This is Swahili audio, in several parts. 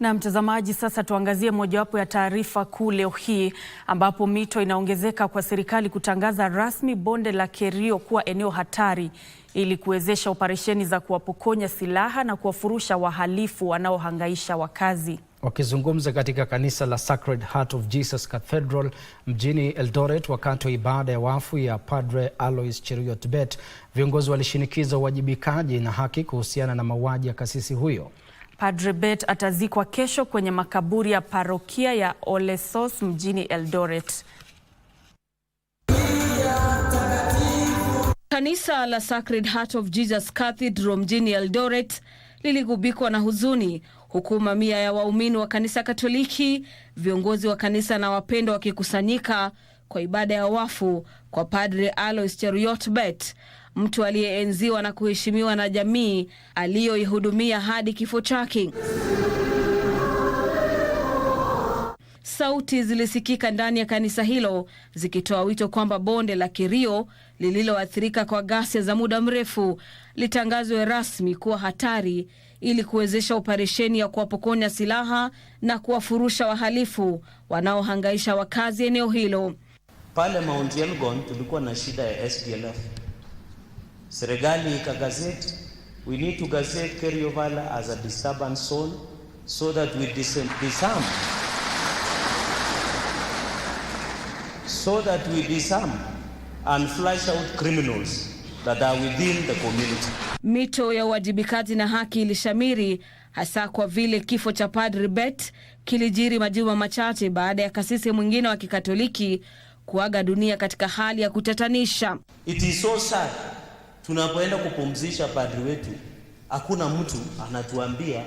Na mtazamaji, sasa tuangazie mojawapo ya taarifa kuu leo hii ambapo mito inaongezeka kwa serikali kutangaza rasmi bonde la Kerio kuwa eneo hatari ili kuwezesha operesheni za kuwapokonya silaha na kuwafurusha wahalifu wanaohangaisha wakazi. Wakizungumza katika kanisa la Sacred Heart of Jesus Cathedral mjini Eldoret wakati wa ibada ya wafu ya Padre Alois Cheruiyot Bett, viongozi walishinikiza uwajibikaji na haki kuhusiana na mauaji ya kasisi huyo. Padre Bet atazikwa kesho kwenye makaburi ya parokia ya Olesos mjini Eldoret. Kanisa la Sacred Heart of Jesus Cathedral mjini Eldoret liligubikwa na huzuni huku mamia ya waumini wa kanisa Katoliki, viongozi wa kanisa na wapendwa wakikusanyika kwa ibada ya wafu kwa Padre Alois Cheruiyot mtu aliyeenziwa na kuheshimiwa na jamii aliyoihudumia hadi kifo chake. Sauti zilisikika ndani ya kanisa hilo zikitoa wito kwamba bonde la Kerio lililoathirika kwa ghasia za muda mrefu litangazwe rasmi kuwa hatari ili kuwezesha operesheni ya kuwapokonya silaha na kuwafurusha wahalifu wanaohangaisha wakazi eneo hilo. Pale Mount Elgon tulikuwa na shida ya SDLF serikali ikagazeti, we need to gazette Keriovala as a disturbance zone so that we disarm so that we disarm and flush out criminals that are within the community. Mito ya uwajibikaji na haki ilishamiri hasa kwa vile kifo cha Padre Bet kilijiri majuma machache baada ya kasisi mwingine wa Kikatoliki kuaga dunia katika hali ya kutatanisha. It is so sad tunapoenda kupumzisha padri wetu, hakuna mtu anatuambia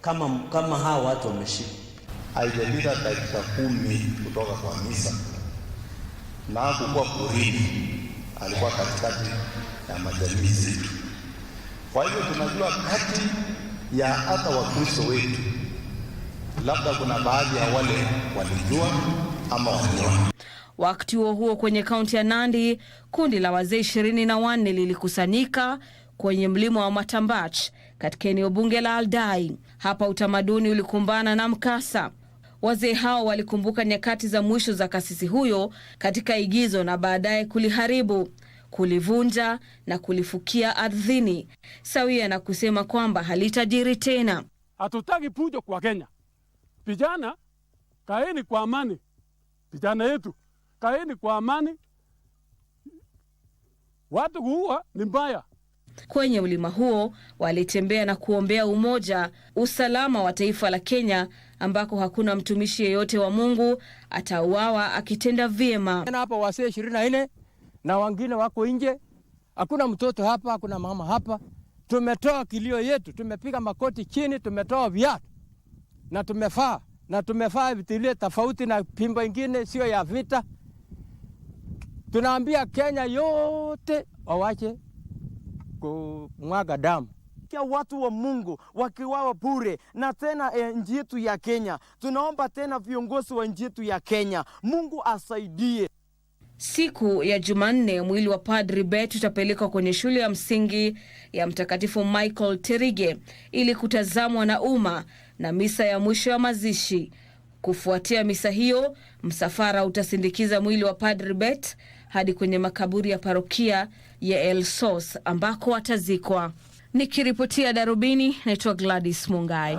kama, kama hawa watu wameshika. Haijapita dakika kumi kutoka kwa misa na hakukuwa kurini, alikuwa katikati ya majamii zetu. Kwa hivyo tunajua kati ya hata Wakristo wetu labda kuna baadhi ya wale walijua ama waliona Wakati huo huo, kwenye kaunti ya Nandi, kundi la wazee ishirini na wanne lilikusanyika kwenye mlima wa Matambach katika eneo bunge la Aldai. Hapa utamaduni ulikumbana na mkasa. Wazee hao walikumbuka nyakati za mwisho za kasisi huyo katika igizo na baadaye kuliharibu, kulivunja na kulifukia ardhini, sawia na kusema kwamba halitajiri tena. Hatutaki pujo kwa Kenya. Vijana, kaeni kwa amani, vijana yetu kaeni kwa amani. Watu kuua ni mbaya. Kwenye mlima huo walitembea na kuombea umoja, usalama wa taifa la Kenya, ambako hakuna mtumishi yeyote wa Mungu atauawa akitenda vyema. Hapa wasee ishirini na nne na wengine wako nje, hakuna mtoto hapa, hakuna mama hapa. Tumetoa kilio yetu, tumepiga makoti chini, tumetoa viatu na tumefaa na tumefaa vitilie tofauti na pimbo ingine, sio ya vita. Tunaambia Kenya yote wawache kumwaga damu watu wa Mungu wakiwawa bure na tena e, nchi yetu ya Kenya. Tunaomba tena viongozi wa nchi yetu ya Kenya, Mungu asaidie. Siku ya Jumanne mwili wa Padri Bet utapelekwa kwenye shule ya msingi ya Mtakatifu Michael Terige ili kutazamwa na umma na misa ya mwisho ya mazishi. Kufuatia misa hiyo, msafara utasindikiza mwili wa Padri Bet hadi kwenye makaburi ya parokia ya El Sos ambako watazikwa. Nikiripotia Darubini, naitwa Gladys Mungai.